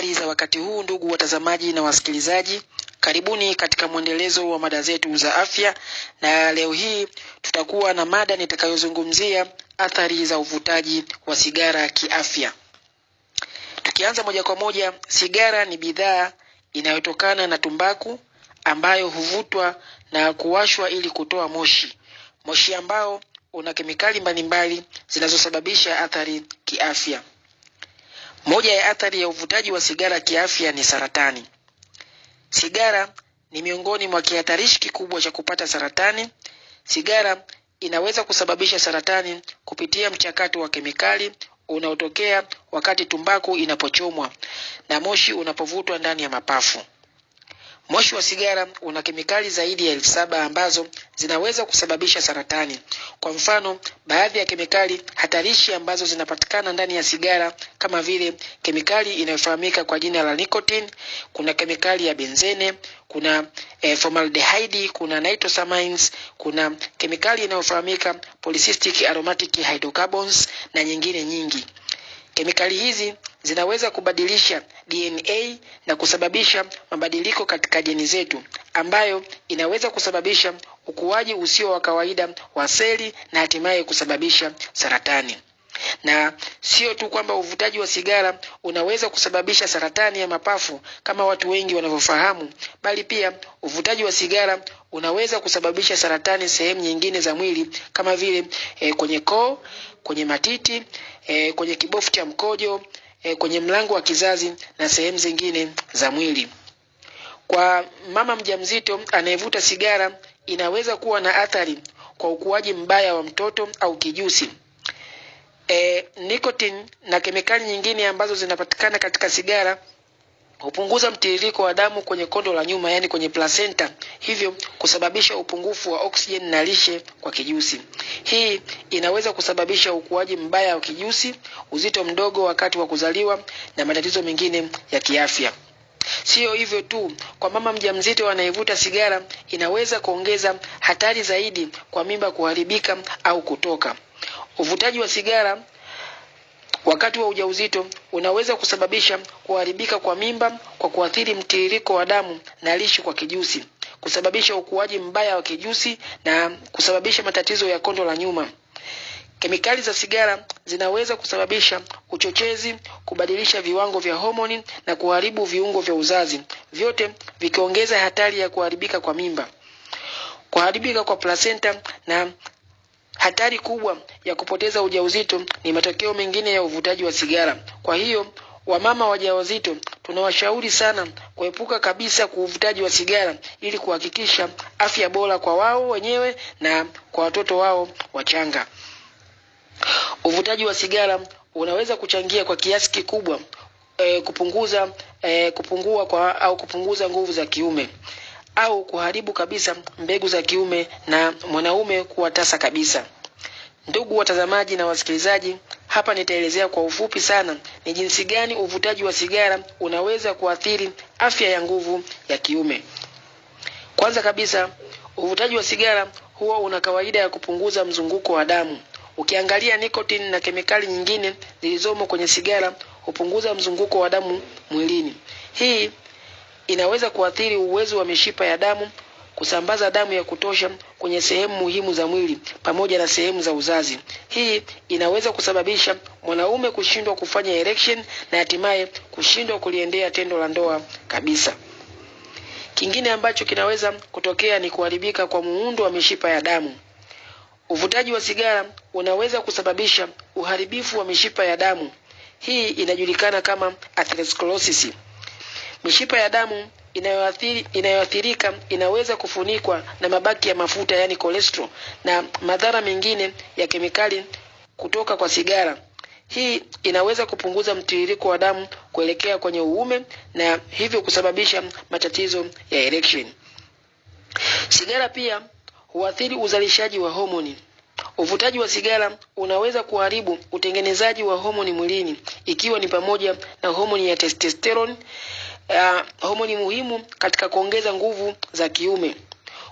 habari za wakati huu, ndugu watazamaji na wasikilizaji, karibuni katika mwendelezo wa mada zetu za afya, na leo hii tutakuwa na mada nitakayozungumzia athari za uvutaji wa sigara kiafya. Tukianza moja kwa moja, sigara ni bidhaa inayotokana na tumbaku ambayo huvutwa na kuwashwa ili kutoa moshi, moshi ambao una kemikali mbalimbali zinazosababisha athari kiafya. Moja ya athari ya uvutaji wa sigara kiafya ni saratani. Sigara ni miongoni mwa kihatarishi kikubwa cha kupata saratani. Sigara inaweza kusababisha saratani kupitia mchakato wa kemikali unaotokea wakati tumbaku inapochomwa na moshi unapovutwa ndani ya mapafu. Moshi wa sigara una kemikali zaidi ya elfu saba ambazo zinaweza kusababisha saratani. Kwa mfano, baadhi ya kemikali hatarishi ambazo zinapatikana ndani ya sigara kama vile kemikali inayofahamika kwa jina la nicotine, kuna kemikali ya benzene, kuna eh, formaldehyde, kuna nitrosamines, kuna kemikali inayofahamika polycystic aromatic hydrocarbons na nyingine nyingi. Kemikali hizi zinaweza kubadilisha DNA na kusababisha mabadiliko katika jeni zetu ambayo inaweza kusababisha ukuaji usio wa kawaida wa seli na hatimaye kusababisha saratani. Na sio tu kwamba uvutaji wa sigara unaweza kusababisha saratani ya mapafu kama watu wengi wanavyofahamu, bali pia uvutaji wa sigara unaweza kusababisha saratani sehemu nyingine za mwili kama vile e, kwenye koo, kwenye matiti, e, kwenye kibofu cha mkojo e, kwenye mlango wa kizazi na sehemu zingine za mwili. Kwa mama mjamzito anayevuta sigara, inaweza kuwa na athari kwa ukuaji mbaya wa mtoto au kijusi. E, eh, nikotini na kemikali nyingine ambazo zinapatikana katika sigara hupunguza mtiririko wa damu kwenye kondo la nyuma, yani kwenye placenta, hivyo kusababisha upungufu wa oksijeni na lishe kwa kijusi. Hii inaweza kusababisha ukuaji mbaya wa kijusi, uzito mdogo wakati wa kuzaliwa na matatizo mengine ya kiafya. Siyo hivyo tu, kwa mama mjamzito anayevuta sigara inaweza kuongeza hatari zaidi kwa mimba kuharibika au kutoka. Uvutaji wa sigara Wakati wa ujauzito unaweza kusababisha kuharibika kwa mimba kwa kuathiri mtiririko wa damu na lishe kwa kijusi, kusababisha ukuaji mbaya wa kijusi na kusababisha matatizo ya kondo la nyuma. Kemikali za sigara zinaweza kusababisha uchochezi, kubadilisha viwango vya homoni na kuharibu viungo vya uzazi, vyote vikiongeza hatari ya kuharibika kwa mimba. Kuharibika kwa placenta na Hatari kubwa ya kupoteza ujauzito ni matokeo mengine ya uvutaji wa sigara. Kwa hiyo wamama wajawazito tunawashauri sana kuepuka kabisa kuuvutaji wa sigara ili kuhakikisha afya bora kwa wao wenyewe na kwa watoto wao wachanga. Uvutaji wa sigara unaweza kuchangia kwa kiasi kikubwa e, kupunguza e, kupungua kwa au kupunguza nguvu za kiume au kuharibu kabisa mbegu za kiume na mwanaume kuwatasa kabisa. Ndugu watazamaji na wasikilizaji, hapa nitaelezea kwa ufupi sana ni jinsi gani uvutaji wa sigara unaweza kuathiri afya ya nguvu ya kiume. Kwanza kabisa, uvutaji wa sigara huwa una kawaida ya kupunguza mzunguko wa damu. Ukiangalia nikotini na kemikali nyingine zilizomo kwenye sigara hupunguza mzunguko wa damu mwilini. Hii inaweza kuathiri uwezo wa mishipa ya damu kusambaza damu ya kutosha kwenye sehemu muhimu za mwili pamoja na sehemu za uzazi. Hii inaweza kusababisha mwanaume kushindwa kufanya erection na hatimaye kushindwa kuliendea tendo la ndoa kabisa. Kingine ambacho kinaweza kutokea ni kuharibika kwa muundo wa mishipa ya damu. Uvutaji wa sigara unaweza kusababisha uharibifu wa mishipa ya damu. Hii inajulikana kama atherosclerosis. Mishipa ya damu inayoathiri, inayoathirika inaweza kufunikwa na mabaki ya mafuta yaani cholesterol na madhara mengine ya kemikali kutoka kwa sigara. Hii inaweza kupunguza mtiririko wa damu kuelekea kwenye uume na hivyo kusababisha matatizo ya erection. Sigara pia huathiri uzalishaji wa homoni. Uvutaji wa sigara unaweza kuharibu utengenezaji wa homoni mwilini ikiwa ni pamoja na homoni ya testosterone ya homoni muhimu katika kuongeza nguvu za kiume.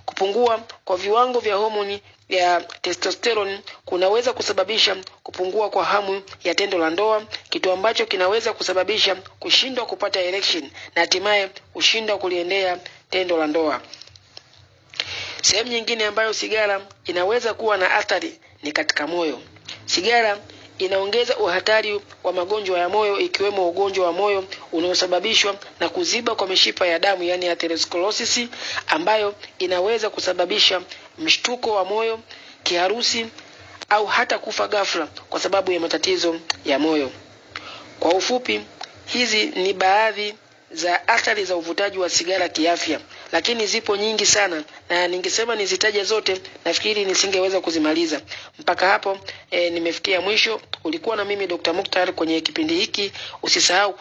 Kupungua kwa viwango vya homoni ya testosterone kunaweza kusababisha kupungua kwa hamu ya tendo la ndoa, kitu ambacho kinaweza kusababisha kushindwa kupata erection na hatimaye kushindwa kuliendea tendo la ndoa. Sehemu nyingine ambayo sigara inaweza kuwa na athari ni katika moyo. Sigara inaongeza uhatari wa magonjwa ya moyo ikiwemo ugonjwa wa moyo unaosababishwa na kuziba kwa mishipa ya damu yani atherosclerosis, ambayo inaweza kusababisha mshtuko wa moyo, kiharusi au hata kufa ghafla kwa sababu ya matatizo ya moyo. Kwa ufupi, hizi ni baadhi za athari za uvutaji wa sigara kiafya lakini zipo nyingi sana, na ningesema nizitaje zote, nafikiri nisingeweza kuzimaliza. Mpaka hapo e, nimefikia mwisho. Ulikuwa na mimi Dr. Mukhtar kwenye kipindi hiki. Usisahau